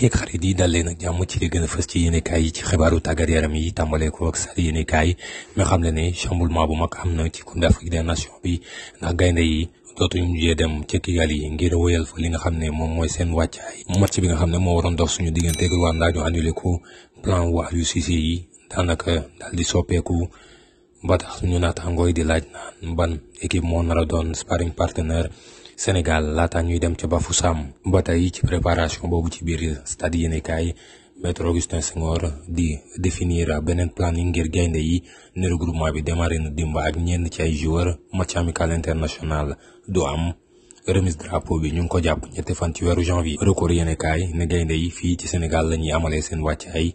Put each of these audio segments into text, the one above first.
mbokk yeeg xarit yi dal leen ak jàmm ci li gën a fës ci yéenekaay ci xibaaru tàggat yaram yi tàmbalee ko ak sari yéenekaay mi xam ne le ne chamboulement bu mag am na ci Coupe d'Afrique des Nations bi ndax gaynde yi dootuñu mujjee dem ca Kigali yi ngir woyal fa li nga xam ne moom mooy seen wàccaay match bi nga xam ne moo waroon dox suñu diggante ak Rwanda ñu annulé ko plan waa Aliou Cissé yi daanaka dal di soppeeku ba tax suñu naataangooy di laaj naan ban équipe moo nar a doon partenaire Sénégal laata ñuy dem ca Bafoussam ba tey ci préparation boobu ci biir stade yéenekaay maître Augustin Senghor di définir beneen planning ngir gaynde yi ne regroupement bi démarré na dimba ak ñenn ci ay joueurs match amical international du am remise drapeau bi ñu ngi ko jàpp ñetti fan ci weeru janvier record yéenekaay ne gaynde yi fii ci Sénégal la ñuy amalee seen wàccaay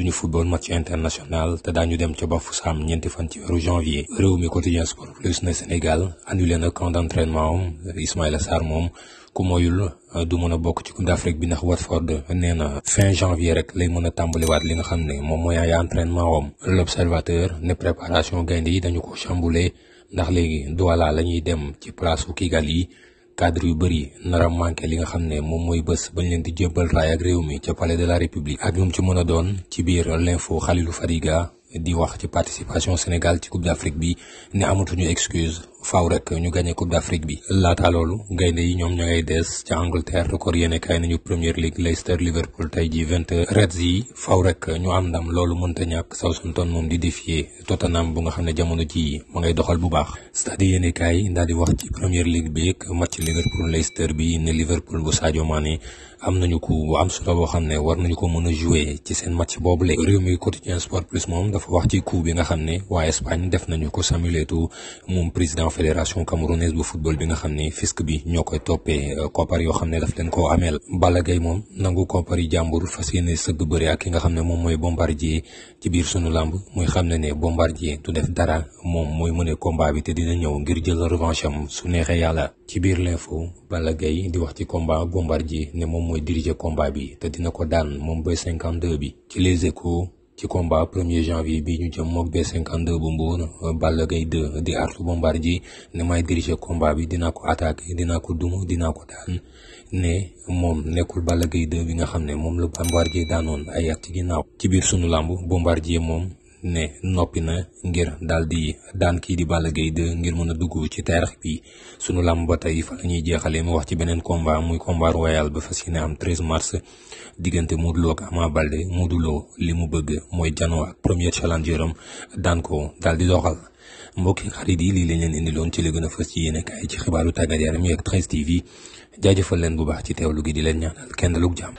duñu football match international te daañu dem ca Bafoussam ñenti fan ci weeru janvier réew mi quotidien sport plus ne Sénégal annulé na camp d'entraînement am Ismaïla Sarr moom ku moyul euh, du mën a bokk ci Coupe d'Afrique bi ndax Watford nee fin janvier rek lay mën a tàmbaliwaat li nga xam ne moom mooy entraînement l'observateur ne préparation gaynde yi dañu ko chamboulé ndax léegi Douala la ñuy dem ci place u Kigali cadre yu bëri nar a li nga xam ne moom mooy bés bañ leen di jébbal raay ak réew mi ca palais de la république ak ñum ci mën a doon ci biir l'info Khalilou Fadiga di wax ci participation Sénégal ci Coupe d'Afrique bi ne amatuñu excuse faaw rek ñu gagné Coupe d'Afrique bi laata loolu gaynde yi ñoom ña ngay des ca Angleterre record yéene kaay nañu Premier League Leicester Liverpool tay ji 20 heures Reds yi faaw rek ñu lolu ndam loolu mënta ñàkk Southampton mom di défier Tottenham bu nga xam jamono ci ma ngay doxal bu baax stade yene kay daal di wax ci Premier League bi ak match Liverpool Leicester bi ne Liverpool bu Sadio Mane am nañu ko am solo bo xam war nañu ko mën jouer ci sen match bobu léegi réew mi quotidien sport plus mom dafa wax ci coup bi nga xamné wa Espagne def nañu ko Samuel Eto'o président fédération camerounaise bu football bi nga xamné ne fisc bi ñokoy topé copar euh, yo xamné daf leen ko amel Balla Gaye nangu koppar yi jàmbur fas yéene ak nga xamné mom moy Bombardier ci biir sunu lamb moy xamné né Bombardier tu def dara mom moy mëne combat bi té dina ñëw ngir jël revanche am su neexee yalla ci biir l'info Balla Gaye di wax ci combat Bombardier né mom moy diriger combat bi té dina ko daan mom boy 52 bi ci les échos ci combat premier janvier bi ñu jëm mook B52 bu Mbour Balla Gaye 2 di artu Bombardier ne may diriger combat bi dina ko attaquer dina ko duma dinaa ko daan ne moom nekkul Balla Gaye 2 bi nga xam ne moom la Bombardier daanoon ay at ci ginnaaw ci biir sunu làmb Bombardier moom ne noppi na ngir daal di daan kii di Balla gay 2 ngir mën a dugg ci taarix bi sunu làmb ba tey fa la ñuy jeexalee wax ci beneen combat muy combat royal ba fas yéene am 13 mars diggante Modou Lo ak Ama Baldé Modou Lo li mu bëgg mooy janoo ak premier challenger am daan ko daal di doxal mbokki xarit yi lii lañ leen indiloon ci li gën a fës ci yéene kaay ci xibaaru tàggat yaram yi ak 13 TV jaajëfal leen bu baax ci teewlu gi di leen ñaanal kenn dalug jàmm.